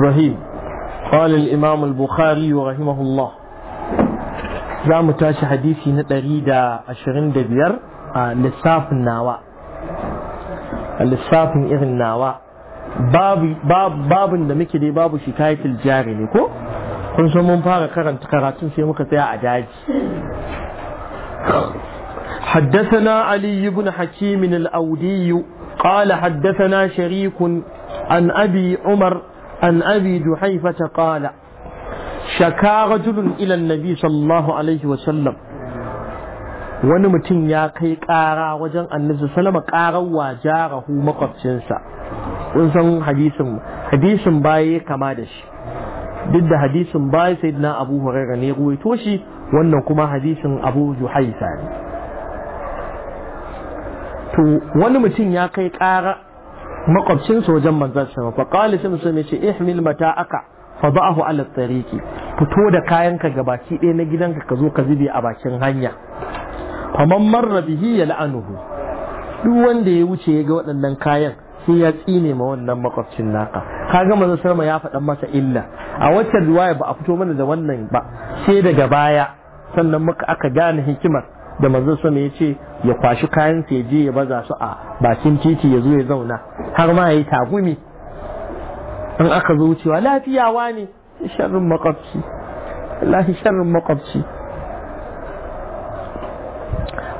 رهيب قال الإمام البخاري رحمه الله زعم تاش حديثي نتريد عشرين دبير آه، لصاف النواء لصاف إغن النواء باب باب باب da muke باب شكاية الجاري jari كن ko من فارق mun fara في karatun عجاج حدثنا علي بن حكيم الأودي قال حدثنا شريك عن أبي عمر عن أبي جحيفة قال شكا رجل إلى النبي صلى الله عليه وسلم wani mutum ya kai ƙara wajen annabi salama ƙarar wa jarahu makwabcinsa kun san hadisin hadisin baya ya kama da shi duk da hadisin baya sai na abu hurairah ne ruwaito shi wannan kuma hadisin abu juhaisa ne to wani mutum ya kai kara. makwabcin sojan manzan sama fa qala sai musulmi ce ihmil mata'aka fa ba'ahu ala tariqi fito da kayanka gabaki ɗaya na gidanka ka zo ka zube a bakin hanya faman marra bihi ya la'anuhu duk wanda ya wuce ya ga waɗannan kayan sai ya tsine ma wannan makwabcin naka ga manzon sama ya faɗa masa illa a wacce ruwaya ba a fito mana da wannan ba sai daga baya sannan muka aka gane hikimar da manzo sama ya ce ya kwashi kayan sa je ya baza su a bakin titi ya zo ya zauna har ma ya yi tagumi in aka zo wucewa lafiyawa ne sharrin makwabci lahi sharrin makwabci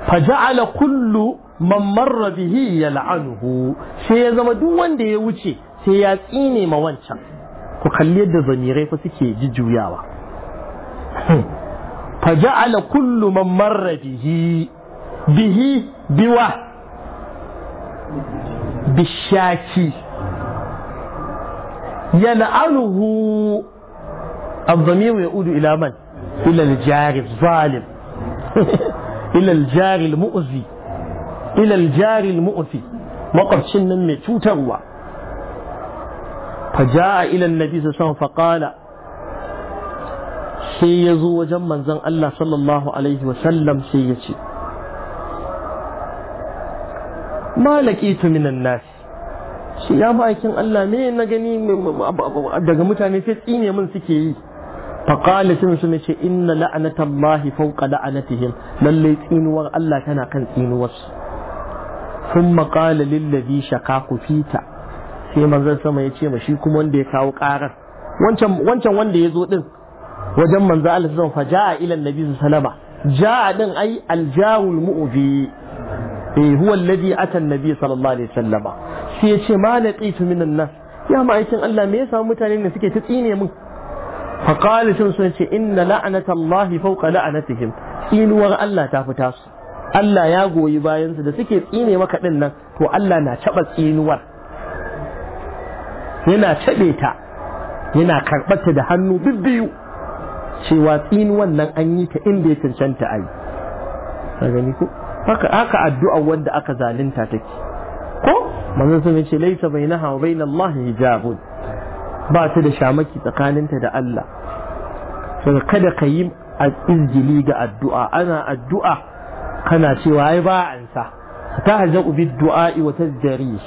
faja'ala kullu man marra bihi yal'anuhu sai ya zama duk wanda ya wuce sai ya tsine ma wancan ku kalli yadda zamirai fa suke jujjuyawa فجعل كل من مر به به بوا بالشاكي ينعله الضمير يعود إلى من؟ إلى الجار الظالم إلى الجار المؤذي إلى الجار المؤذي وقف شنن متوتر فجاء إلى النبي صلى الله عليه وسلم فقال sai ya zo wajen manzon Allah sallallahu alaihi wasallam sai ya ce ma laqitu minan nasi. shi ya bakin Allah me na gani daga mutane sai tsine min suke yi faƙali sun su ce inna la'anatan lahi fauka la'anatihim lallai tsinuwar Allah tana kan tsinuwarsu sun maƙali lillabi shaka ku fita sai manzan sama ya ce ma shi kuma wanda ya kawo ƙarar wancan wanda ya zo ɗin wajen manzo Allah sallallahu alaihi wasallam ila annabi sallallahu ja'a din ai aljawul mu'zi eh huwa alladhi ata annabi sallallahu alaihi wasallam sai ya ma laqitu minan nas ya ma'aikin Allah me yasa mutane ne suke ta tsine min fa qala sun sun ce inna la'nata Allah fawqa la'natihim tsinuwar Allah ta fita su Allah ya goyi bayansu da suke tsine maka din nan to Allah na taɓa tsinuwar yana taɓe ta yana karɓar ta da hannu bibbiyu cewa tsin wannan an yi ta inda ya cancanta ai ka gani ko haka haka addu'a wanda aka zalunta take ko manzon sun ce laisa bainaha wa bain Allah hijabun ba ta da shamaki tsakaninta da Allah to kada ka yi izgili ga addu'a ana addu'a kana cewa ai ba an sa ta hajabu bid du'a wa tazdari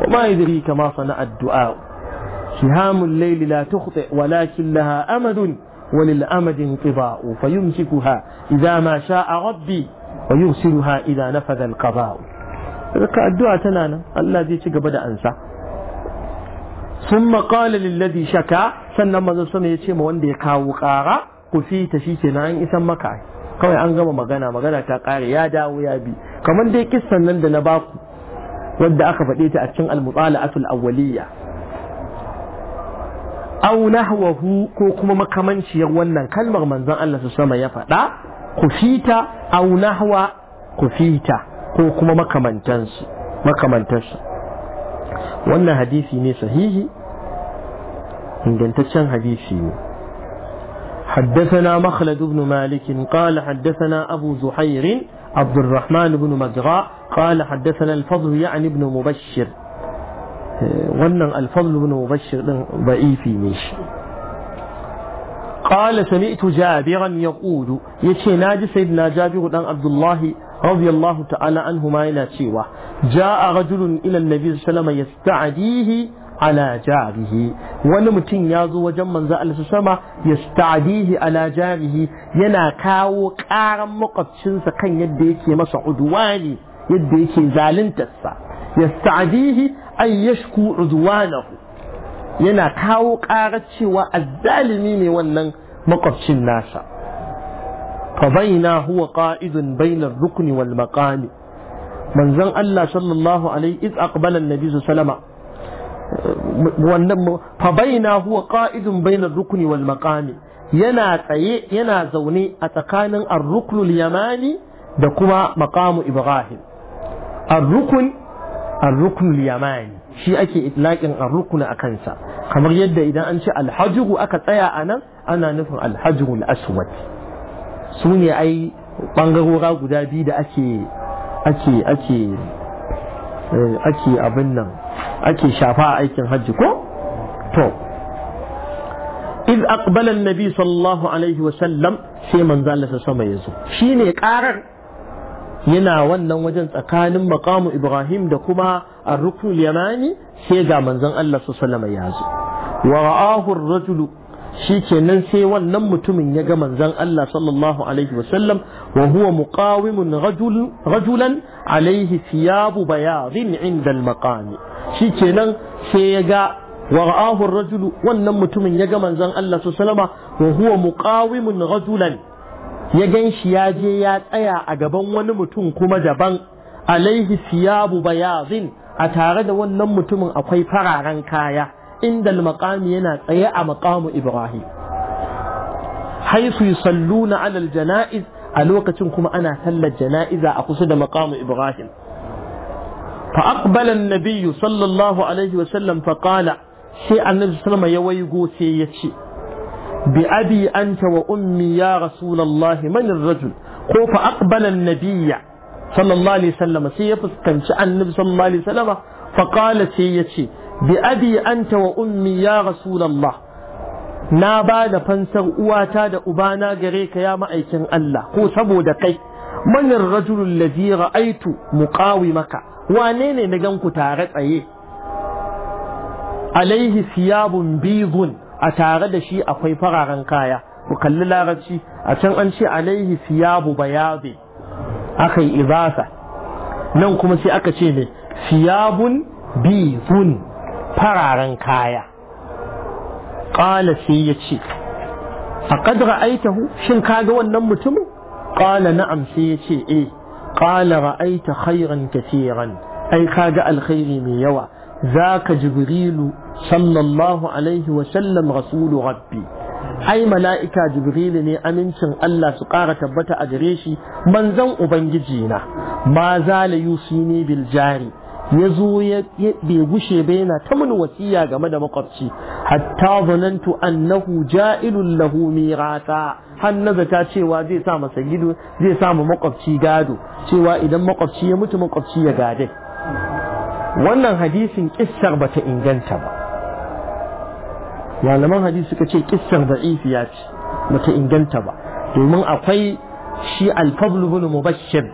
وما يدريك ما صنع الدعاء شهام الليل لا تخطئ ولكن لها أمد وللأمد انقضاء فيمسكها إذا ما شاء ربي ويرسلها إذا نفذ القضاء الدعاء تنانا الذي تقبل أنسى ثم قال للذي شكا سنما زلسان يتشي موند يكاو قارا قفي تشي تنان إسم مكاي قوي أنقم مغانا مغانا تقاري يا داو يا بي كمان دي كسا نند نباكو ود أخفت ديت أتشن المطالعة الأولية au nahwahu ko kuma makamanciyar wannan kalmar manzon Allah su sama ya faɗa kufita au nahwa kufita ko kuma makamantansu makamantarsu wannan hadisi ne sahihi ingantaccen hadisi ne حدثنا مخلد بن مالك قال حدثنا أبو زحير عبد الرحمن بن مجراء قال حدثنا الفضل يعني بن مبشر wannan alfadl ibn mubashir din da'ifi ne shi قال سمعت جابرا يقول يشي ناجي سيدنا جابر بن عبد الله رضي الله تعالى عنه ما يناتشيوا جاء رجل إلى النبي صلى الله عليه وسلم يستعديه على جاره ونمتين يازو وجمع زال سسما يستعديه على جاره ينا كاو كارم مقبشن سكن يديكي مسعود واني يديكي زالنتسا يستعديه أن يشكو عدوانه ينا كاو قارتشي ميني ونن مقفش الناس قضينا هو قائد بين الركن والمقام من زن الله صلى الله عليه إذ أقبل النبي صلى الله عليه وسلم فبينا هو قائد بين الركن والمقام ينا تي ينا زوني أتكان الركن اليماني دكما مقام إبراهيم الركن الركن اليماني shi ake itlaƙin arrukuna a kansa kamar yadda idan an ce alhajiru aka tsaya a nan ana nufin alhajiru al'aswad su ne ai ɓangarora guda biyu da ake ake ake eh, ake abin nan ake shafa a aikin hajji ko to إذ أقبل النبي Alaihi wa Sallam sai في من ذلك سما يزو شيني قارر yana wannan wajen tsakanin maqamu Ibrahim da kuma ar-ruknul yamani sai ga manzon Allah sallallahu alaihi ya zo wa ra'ahu ar-rajulu shikenan sai wannan mutumin ya ga manzon Allah sallallahu alaihi wasallam wa huwa muqawimun rajulan alaihi thiyabu bayadin inda al-maqami shikenan sai ya ga wa ra'ahu ar-rajulu wannan mutumin ya ga manzon Allah sallallahu alaihi wasallama wa huwa muqawimun rajulan ya gan shi ya je ya tsaya a gaban wani mutum kuma daban alaihi siyabu bayazin a tare da wannan mutumin akwai fararen kaya inda maqami yana tsaye a maqamu ibrahim haisu yusalluna alal janaiz a lokacin kuma ana sallar jana'iza a kusa da maqamu ibrahim fa aqbala an-nabiy sallallahu alaihi wa sallam fa qala sai annabi sallama ya waigo sai ya ce bi abi anta wa ummi ya rasulullahi man rajul ko fa aqbala an-nabiyya sallallahu alaihi wasallam sai ya fuskanci annabi sallallahu alaihi wasallam fa qala sai ya ce bi abi anta wa ummi ya rasulullah na ba da fansar uwata da ubana gare ka ya ma'aikin Allah ko saboda kai man ar-rajul alladhi ra'aytu muqawimaka wane ne na ganku tare tsaye alaihi siyabun bidun a tare da shi akwai fararen kaya ku kalli larabci a can an ce alaihi fiyabu bayabe aka yi ibasa nan kuma sai aka ce ne fiyabun bizun fararen kaya ƙala sai ya ce a ƙadra aitahu shin kaga wannan mutumin ƙala na'am sai ya ce eh ƙala ra'aita khairan kafiran ai kaga alkhairi mai yawa zaka jibrilu sallallahu alaihi wa sallam rasulu rabbi ai mala'ika jibrilu ne amincin Allah su ƙara tabbata a gare shi manzon ubangiji na ma zala yusini bil jari ya zo ya bai gushe ba yana ta mun wasiya game da makwabci hatta zanantu annahu ja'ilul lahu mirata har ta cewa zai sa masa gido zai sa mu makwabci gado cewa idan makwabci ya mutu makwabci ya gade wannan hadisin kissar bata inganta ba malaman hadisi suka ce kissar da'ifiya ce bata inganta ba domin akwai shi alfablu bin mubashir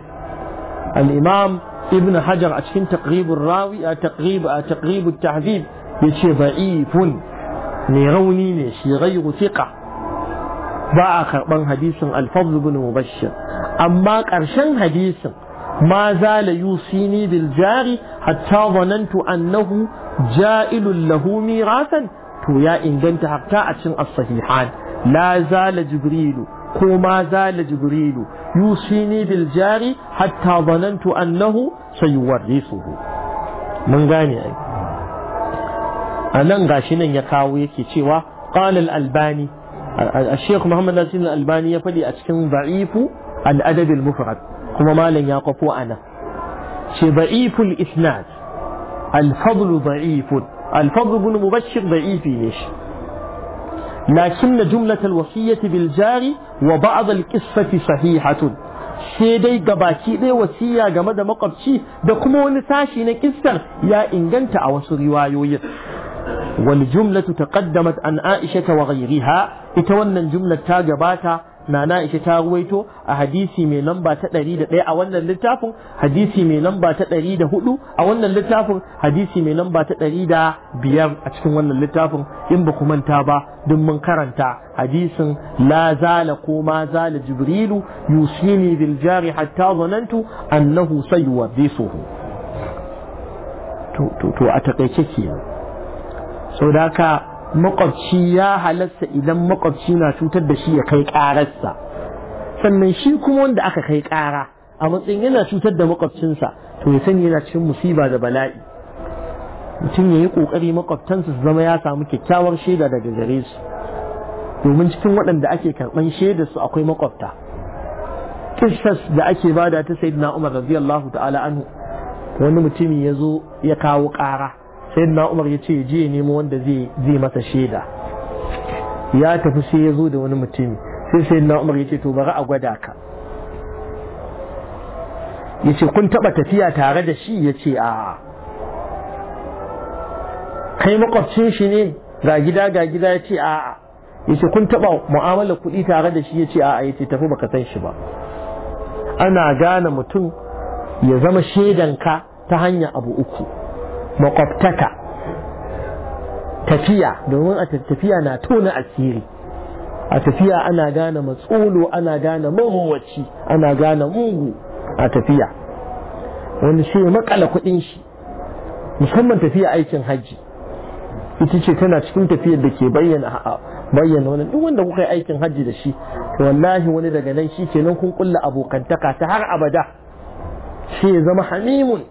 al-imam ibn hajar a cikin taqribur rawi a taqrib a taqrib taqribut tahzib yace da'ifun ne rauni ne shi ghayru thiqa ba a karban hadisin alfablu bin mubashir amma karshen hadisin ما زال يوصيني بالجار حتى ظننت أنه جائل له ميراثا to ya inganta hatta a cikin as-sahihan la zala jibrilu ko ma zala jibrilu yusini bil jari hatta zanantu annahu sayuwarrisuhu mun gane ai anan gashi nan ya kawo yake cewa qala al-albani الشيخ محمد ناصر الألباني يفدي أتكن ضعيف الأدب المفرد كما ما لن يقفوا أنا شي ضعيف الإسناد الفضل ضعيف الفضل بن مبشر ضعيف ليش لكن جملة الوصية بالجار وبعض القصة صحيحة سيدي قباكي دي وسيا قمد مقبشي دقمو نساشي نكسر يا إنجنت أوس روايوي والجملة تقدمت عن عائشة وغيرها اتونا الجملة تاجباتا nana ishe ta ruwaito a hadisi mai lamba ta ɗari da ɗaya a wannan littafin hadisi mai lamba ta ɗari da hudu a wannan littafin hadisi mai lamba ta ɗari da biyar a cikin wannan littafin in ba ku manta ba duk mun karanta hadisin la zala ko ma zala jibrilu yusini bil jari hatta zanantu annahu sayuwaddisuhu to to to a takaice kenan saboda haka makwabci ya halatta idan makwabci na cutar da shi ya kai ƙararsa sannan shi kuma wanda aka kai ƙara a matsayin yana cutar da makwabcinsa to ya sani yana cikin musiba da bala'i mutum ya yi ƙoƙari makwabtansa su zama ya samu kyakkyawar shaida daga gare su domin cikin waɗanda ake karɓan shaida su akwai makwabta kishas da ake bada ta sayyidina umar radiyallahu ta'ala anhu wani mutumi ya zo ya kawo ƙara na umar ya ce je nemo wanda zai masa shaida ya tafi sai ya zo da wani mutum sai na umar ya ce to bari a gwada ka ya ce kun taɓa tafiya tare da shi ya ce a kai makwabcin shi ne ga gida ga gida ya ce a ya ce kun taɓa mu'amala kuɗi tare da shi ya ce a ya ce tafi baka san shi ba ana gane mutum ya zama shaidanka ta hanya abu uku makwabtaka tafiya domin a tafiya na tona asiri a tafiya ana gane matsolo ana gane mahowaci ana gane mugu a tafiya wani shi ya makala kudin shi musamman tafiya aikin hajji ita ce tana cikin tafiyar da ke bayyana bayyana wani duk wanda kuka yi aikin hajji da shi wallahi wani daga nan shi ke nan kun kulla abokantaka ta har abada shi ya zama hamimun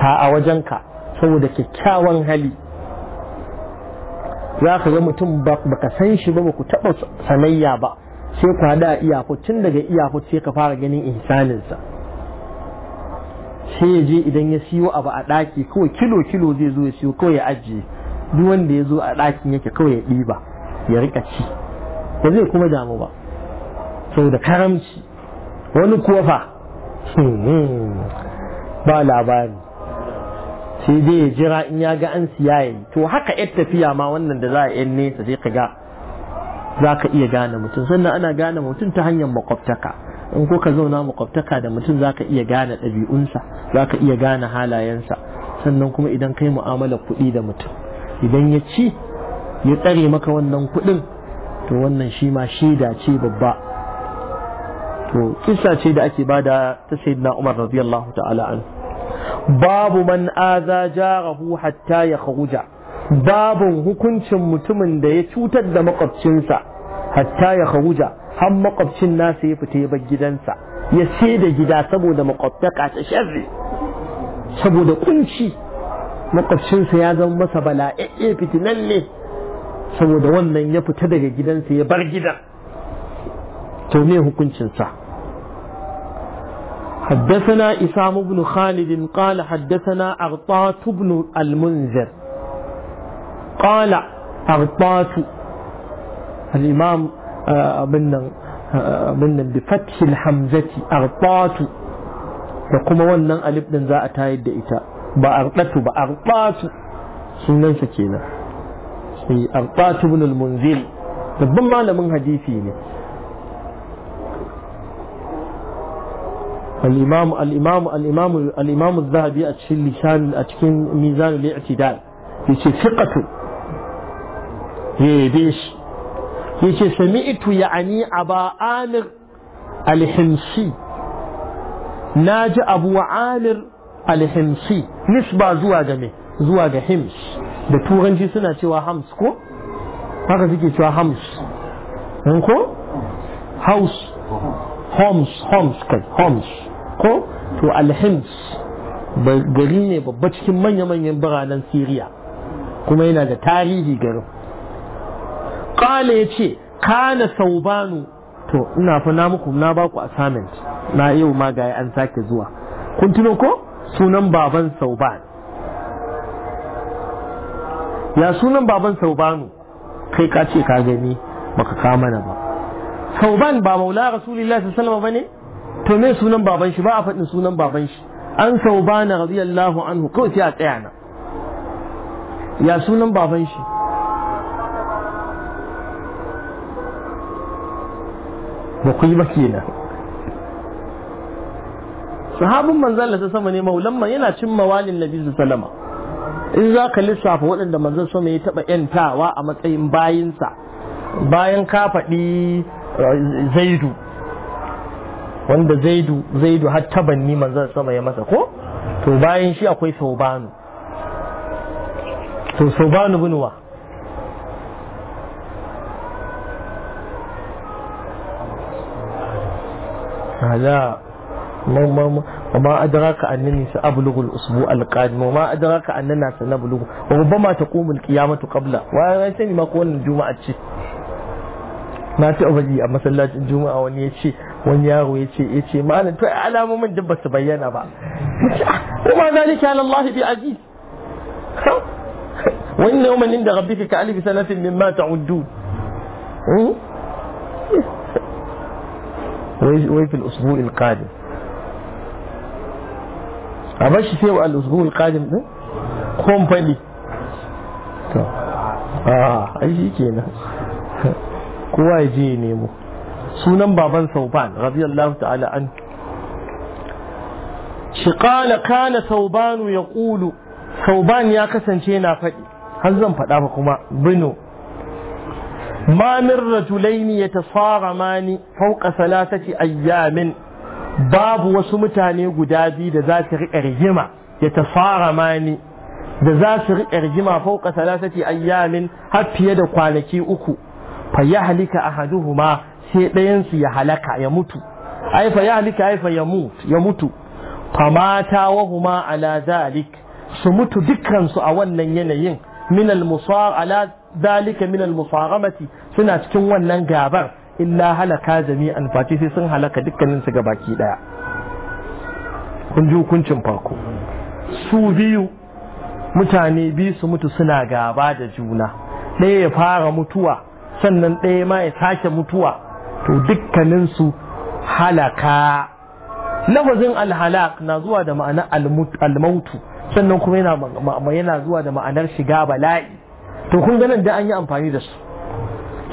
ta a wajenka saboda kyakkyawan hali za ka ga mutum ba ka san shi ba ba ku taɓa sanayya ba sai ku hada iyaku tun daga iyaku sai ka fara ganin ihsaninsa sai ya je idan ya siyo abu a ɗaki kawai kilo kilo zai zo ya siyo kawai ya ajiye duk wanda ya zo a ɗakin yake kawai ya ɗiba ya riƙa ci ba zai kuma damu ba saboda karamci wani kuwa fa hmm, hmm, ba labari sai dai ya jira in ya ga an siya yi to haka yar tafiya ma wannan da za a yi nesa sai ka ga za ka iya gane mutum sannan ana gane mutum ta hanyar makwabtaka in ko ka zauna makwabtaka da mutum za ka iya gane ɗabi'unsa za ka iya gane halayensa sannan kuma idan kai mu'amala kuɗi da mutum idan ya ci ya tsare maka wannan kuɗin to wannan shi ma shaida ce babba to kisa ce da ake bada ta sayyidina Umar radiyallahu ta'ala anhu babu man aza jarahu hatta ya khuja babun hukuncin mutumin da ya cutar da makwabcinsa hatta ya khuja har makwabcin nasa ya fita ya bar gidansa ya da gida saboda makwabtaka ta sharri saboda kunci makwabcinsa ya zama masa nan ne saboda wannan ya fita daga gidansa ya bar gidan to me hukuncinsa حدثنا إسام بن خالد قال حدثنا أغطات بن المنذر قال أغطات الإمام آه، آه، بن بفتح الحمزة أغطات يقوم ونن ألف نزاء تايد إتا بأغطات بأغطات سنن سكينة أغطات بن المنذر ربما لمن hadisi الإمام الإمام الإمام الإمام الذهبي أتشين لسان أتشين ميزان الاعتدال يشي ثقة يديش يشي سمعت يعني أبا عامر الحمصي ناج أبو عامر الحمصي نسبة زواج مي زواج حمص da turanci suna cewa hams ko haka suke cewa hams ko house homs هومس kai homs ko to alhims gari ne babba cikin manya-manyan biranen siriya kuma yana da tarihi garin kala ya ce kana saubanu to ina fa na muku na baku assignment na yau ma an sake zuwa kun tuno ko sunan baban sauban ya sunan baban saubanu kai ka ce ka gani baka kama na ba sauban ba maula rasulullahi sallallahu alaihi wasallam bane to me sunan baban shi ba a faɗin sunan baban shi an saubana radiyallahu anhu kawai sai a tsaya na ya sunan baban shi ba ku yi ba kenan sahabin manzon Allah sama ne maulan yana cin mawalin nabi Salama. in za ka lissafa waɗanda manzan sama ya taɓa yantawa a matsayin bayinsa bayan ka faɗi eh, zaidu wanda zaidu zaidu har tabanni manzan sama ya masa ko to bayan shi akwai saubanu to saubanu binuwa hala ma adraka annani sa ablughu al-usbu al-qadim wa ma adraka annana sanablughu wa rubbama taqum al-qiyamatu qabla wa ya sani ma ko wannan juma'a ce na ce obaji a masallacin juma'a wani ya ce wani yaro ya ce ce malam to alamomin duk ba su bayyana ba kuma zalika ala Allah bi aziz wani yawman inda rabbika ka alif sanatin mimma ta'uddu wai fil usbu'il qadim a bar shi sai wa al-usbu'il qadim din company to a ai shi kenan kowa ya je ya nemo sunan baban sauban radiyallahu ta'ala an shi kana saubanu ya ƙulu sauban ya kasance na faɗi har zan faɗa ba kuma bino ma min ya tasara mani fauka ayyamin babu wasu mutane guda biyu da za su riƙe rigima ya tafara mani da za su riƙe rigima fauƙa salatati ayyamin har fiye da kwanaki uku fa yahlika ma. sai ɗayansu ya halaka ya mutu ai ya halika ai ya mutu ya mutu famata wa ala zalik su mutu dukkansu a wannan yanayin min al ala zalika min al musaramati suna cikin wannan gabar illa halaka jami'an fati sai sun halaka dukkanin su baki daya kun ji hukuncin farko su biyu mutane biyu su mutu suna gaba da juna ɗaya ya fara mutuwa sannan ɗaya ma ya sake mutuwa to dukkaninsu halaka lafazin alhalak na zuwa da ma'anar almautu sannan kuma yana zuwa da ma'anar shiga bala'i to kun ganin da an yi amfani da su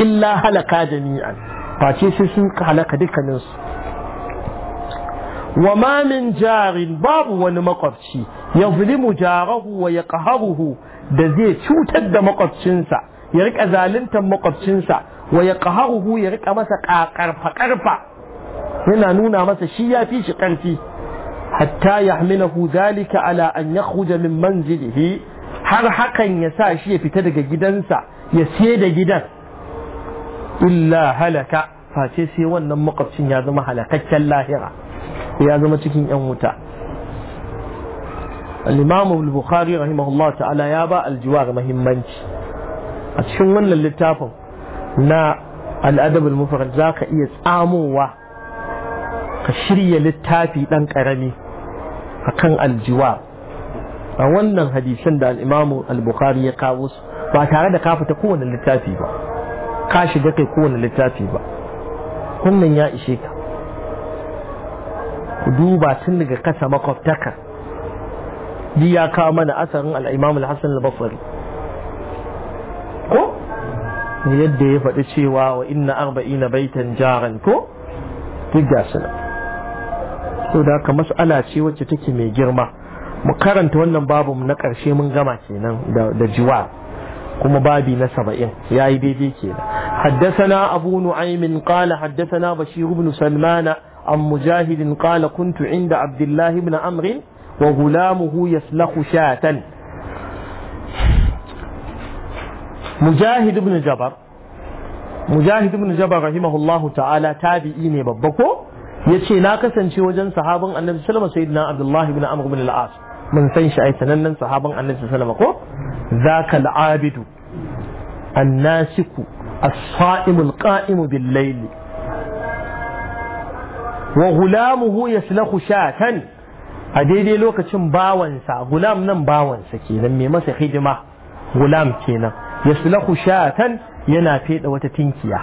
illa halaka jami'an face sai sun halaka dukkaninsu wa ma min jarin babu wani makwabci ya zulimu jarahu wa ya da zai cutar da makwabcinsa ya rika zaluntar makwabcinsa wa ya qaharuhu ya rika masa ƙarfa ƙarfa yana nuna masa shi ya fi shi ƙarfi hatta yahmilahu zalika ala an yakhruja min manzilihi har hakan ya sa shi ya fita daga gidansa ya siye da gidan illa halaka face sai wannan makwabcin ya zama halakakken lahira ya zama cikin yan wuta al-imam al-bukhari rahimahullah ta'ala ya ba aljiwar muhimmanci a cikin wannan littafin na al'adabul mufarar za ka iya tsamowa ka shirya littafi ɗan ƙarami a kan aljiwa a wannan hadisan da al'imamu al-bukhari ya kawo su ba tare da kafa ta kowane littafi ba ka shiga kai kowane littafi ba wannan ya ishe ka ku duba tun daga kasa makwabtaka ya kawo mana asarin al'imamu al-hassan al-basri yadda ya faɗi cewa wa inna arba'ina baitan jaran ko duk gasu nan so da haka mas'ala ce wacce take mai girma mu karanta wannan babu na ƙarshe mun gama kenan da jiwa kuma babi na saba'in ya yi daidai kenan haddasana abu nuaimin qala haddasana bashir ibn salmana an mujahidin qala kuntu inda abdullahi ibn amrin wa gulamuhu yaslahu shatan mujahid ibn mujahid ibn jabar rahimahullahu ta'ala tabi'i ne babba ko yace na kasance wajen sahabin annabi sallama sayyidina abdullahi ibn amr ibn al mun san shi ai sanannen sahaban annabi sallama ko zaka al-abidu annasiku as-sa'imu al-qa'imu bil-layl wa gulamuhu yaslahu shatan a daidai lokacin bawansa gulam nan bawansa kenan mai masa hidima gulam kenan yaslahu shatan yana feda wata tinkiya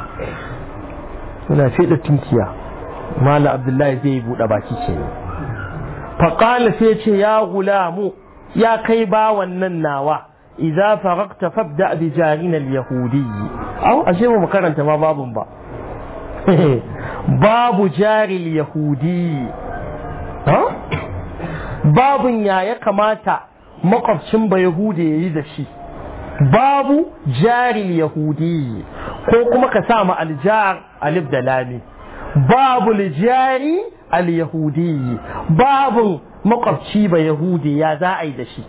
yana feda tinkiya mala abdullahi zai buɗe baki kenan faqala sai ce ya gulamu ya kai ba wannan nawa idza faraqta fabda bi jarina al-yahudi aw ashe mu karanta ma babun ba babu jari yahudi babun ya ya kamata makwabcin ba yahudi yayi da shi babu jaril yahudi ko kuma ka sa ma aljar alif da lami babu jari al yahudi babu makwabci ba yahudi ya za a yi da shi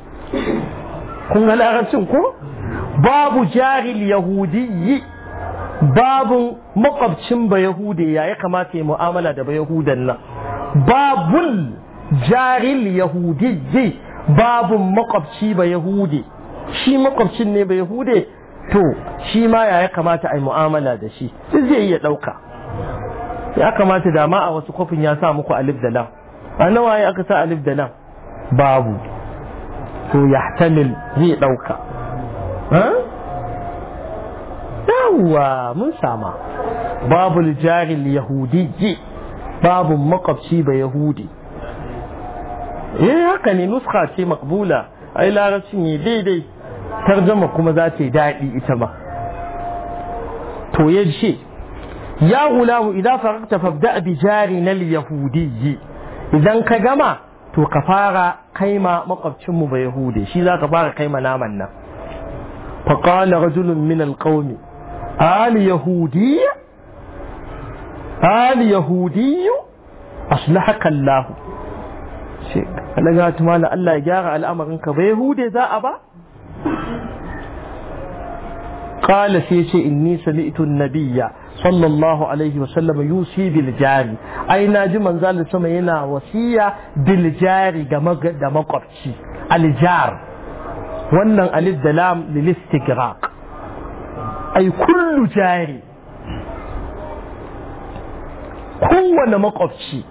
kun ga larabcin ko babu jaril yahudi babu makwabcin ba yahudi ya ya kamata ya mu'amala da ba yahudan nan babul jarin yahudi babun makwabci ba yahudi shi makwabcin ne bai hude to shi ma ya ya kamata a yi mu'amala da shi duk zai iya ɗauka ya kamata da a wasu kwafin ya sa muku alif da lam a nawa ya aka sa alif da lam babu to ya tamil zai ɗauka yawwa mun sama babu jarin yahudi babu makwabci ba yahudi eh haka ne nuska ce makbula ai larabcin ne daidai tarjama kuma za ta yi daɗi ita ba to ya ce ya hulahu idan fararta fabda bi jari na yahudiyyi idan ka gama to ka fara kaima makwabcinmu ba yahude shi za ka fara kaima naman nan rajulun فقال رجل من القوم آل يهودي آل يهودي أصلحك الله شيء أنا قالت ما الله يجارى ba yahude za a ba قال سيشي إني سمعت النبي صلى الله عليه وسلم يوصي بالجاري أي ناجي من ذلك سمعنا ينا وصية بالجاري دا مقبشي الجار وانا ألف دلام للاستقراق أي كل جاري كون مقبشي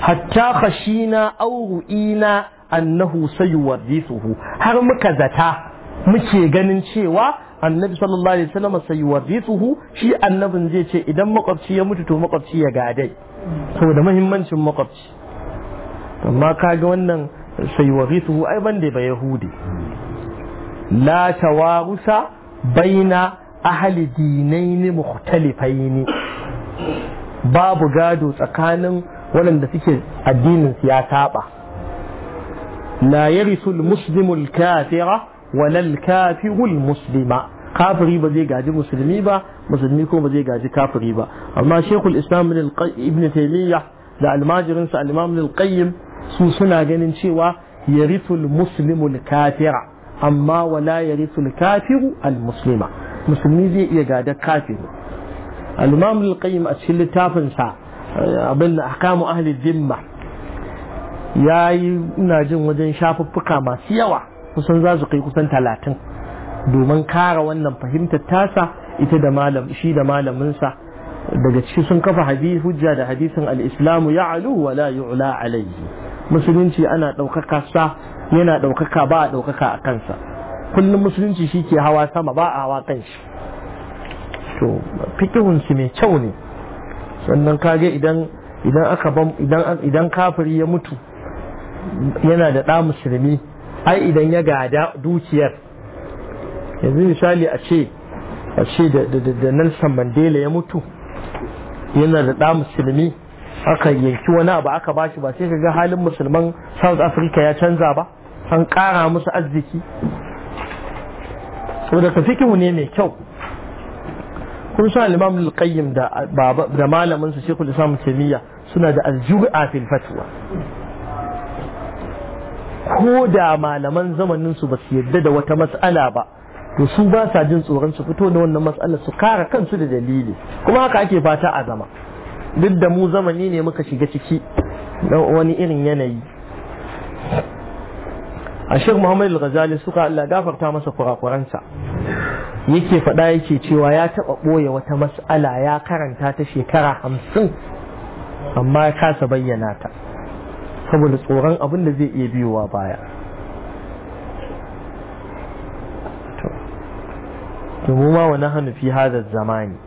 حتى خشينا أو رؤينا أنه سيورثه هرمك مكزتا muke ganin cewa annabi sallallahu alaihi wasallam sai yuwarrithuhu shi annabin zai ce idan makwabci ya mutu to makwabci ya gadai saboda muhimmancin makwabci amma kaga wannan sai yuwarrithuhu ai bande ba yahudi la tawarusa baina ahli dinaini mukhtalifaini babu gado tsakanin waɗanda suke addinin su ya saba la yarisul muslimul kafira walal kafirul muslima kafiri ba zai gaji musulmi ba musulmi ko ba zai gaji kafiri ba amma shekul islam ibn taimiyya da almajirinsa al-imam al-qayyim su suna ganin cewa yarithul muslimul kafira amma wala yarithul kafiru al-muslima musulmi zai iya gada kafiru al-imam al-qayyim a cikin littafin sa abin ahkamu ahli dhimma yayi ina jin wajen shafuffuka masu yawa kusan za su kai kusan talatin domin kara wannan fahimtar tasa ita da malam shi da malaminsa daga ciki sun kafa hadisi hujja da hadisin al-islamu ya'lu wa la yu'la alayhi musulunci ana ɗaukaka sa yana ɗaukaka ba a ɗaukaka a kansa kullum musulunci shi ke hawa sama ba a hawa kan shi to su mai kyau ne sannan kage idan idan idan kafiri ya mutu yana da ɗa musulmi ai idan ya gada dukiyar yanzu misali a ce a ce da Nelson Mandela ya mutu yana da ɗa musulmi aka yanki wani abu aka bashi ba sai ka ga halin musulman South Africa ya canza ba an ƙara musu arziki saboda ka fikihu ne mai kyau kun sa limam lulƙayyim da malamin su Sheikhul Islam Taymiyyah suna da aljur'a a fatwa ko da malaman zamanin su ba su yadda da wata matsala ba to su ba sa jin tsoron su fito da wannan mas'alar su kara kansu da dalili kuma haka ake fata a zama duk da mu zamani ne muka shiga ciki da wani irin yanayi a shirin Muhammadu al-ghazali suka Allah gafarta masa kurakuransa yake faɗa yake cewa ya taɓa ɓoye wata matsala ya karanta ta shekara hamsin amma ya kasa bayyana ta saboda tsoron abin da zai iya biyowa baya to mu ma wa nahnu fi hadha zamani